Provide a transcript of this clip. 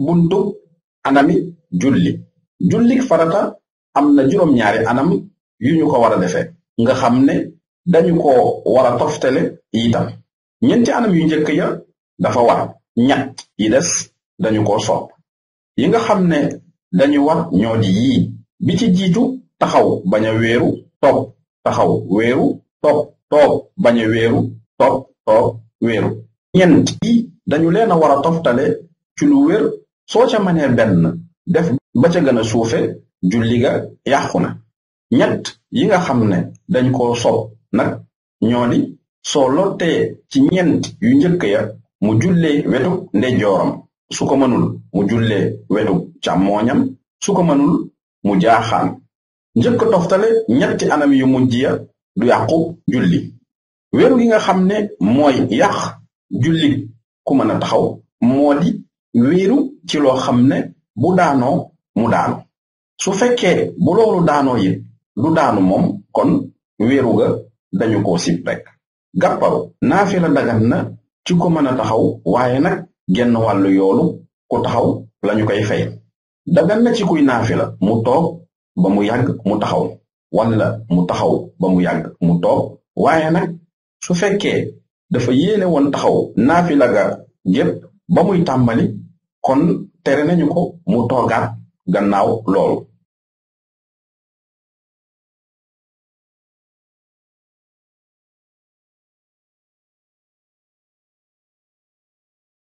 buntu anami julli jullik farata am na juróom-ñaari anam yu ñu ko war a defee nga xam ne dañu ko war a toftale itam ñeenti anam yu njëkk ya dafa war ñett yi des dañu ko sopp yi nga xam ne dañu war ñoo di bi ci jiitu taxaw bañ a weeru toog taxaw weeru toog toog bañ weeru toog dañu leen a war toftale ci lu wér soo ca manee benn def ba ca gën a suufe julli ga yàqu na ñett yi nga xam ne dañ koo sob nag ñoo di soo lottee ci ñeent yu njëkk ya mu julee wetu ndejooram su ko mënul mu jullee wetu càmmooñam su ko mënul mu jaaxaan njëkk toftale ñetti anam yu mujj ya du yàqu julli wéru gi nga xam ne mooy yàq julli ku mën a taxaw moo wiiru ci loo xam ne bu daanoo mu daanu su fekkee bu loolu daanoo yi du daanu moom kon wéeru ga dañu ko sib rek gàpparu naafila dagan na ci ko mën a taxaw waaye nag genn wàllu yoolu ku taxaw lañu koy fay dagan na ci kuy naafila mu toog ba mu yàgg mu taxaw wala mu taxaw ba mu yàgg mu toog waaye nag su fekkee dafa yéene woon taxaw naafila ga gépp ba muy tàmbali kon tere nañu ko mu toogaat gannaaw loolu